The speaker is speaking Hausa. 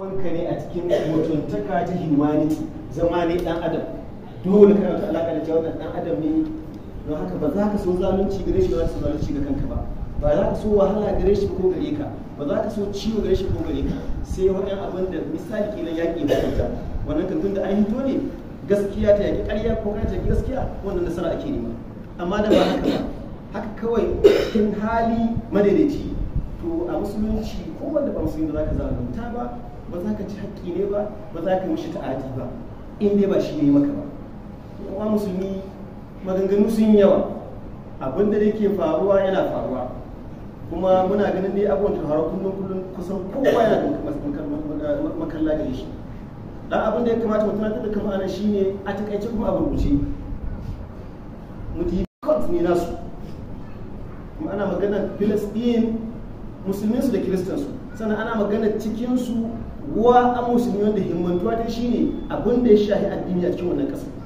wanka ne a cikin mutuntaka ta humanity zama ne dan adam dole kana ta alaka da cewa dan adam ne don haka ba za ka so zalunci gare shi ba su ka zalunci ga kanka ba ba za ka so wahala gare shi ko gare ka ba za ka so ciwo gare shi ko gare ka sai wani abin da misali kila yaƙi ba kanta wannan tun da an hito ne gaskiya ta yaƙi ƙarya ko ta yaƙi gaskiya wannan nasara ake nema amma da ba haka ba haka kawai cikin hali madaidaici musulunci ko wanda ba musulmi ba za ka zalunta ba ba za ka ci haƙƙi ne ba ba za ka mishi ta'adi ba in dai ba shi ne maka ba yawa musulmi maganganu sun yawa abin da yake faruwa yana faruwa kuma muna ganin dai abubuwan tauraro kullum kullum kusan kowa yana da makalla da shi dan abin da ya kamata mu da kama shi shine a takaice kuma a rubuce mu ji ne nasu kuma ana maganar Palestine musulminsu da kiristansu sannan ana magana su wa a musulmi wanda himmantuwa ta shine abin da ya shafi addini a cikin wannan ƙasa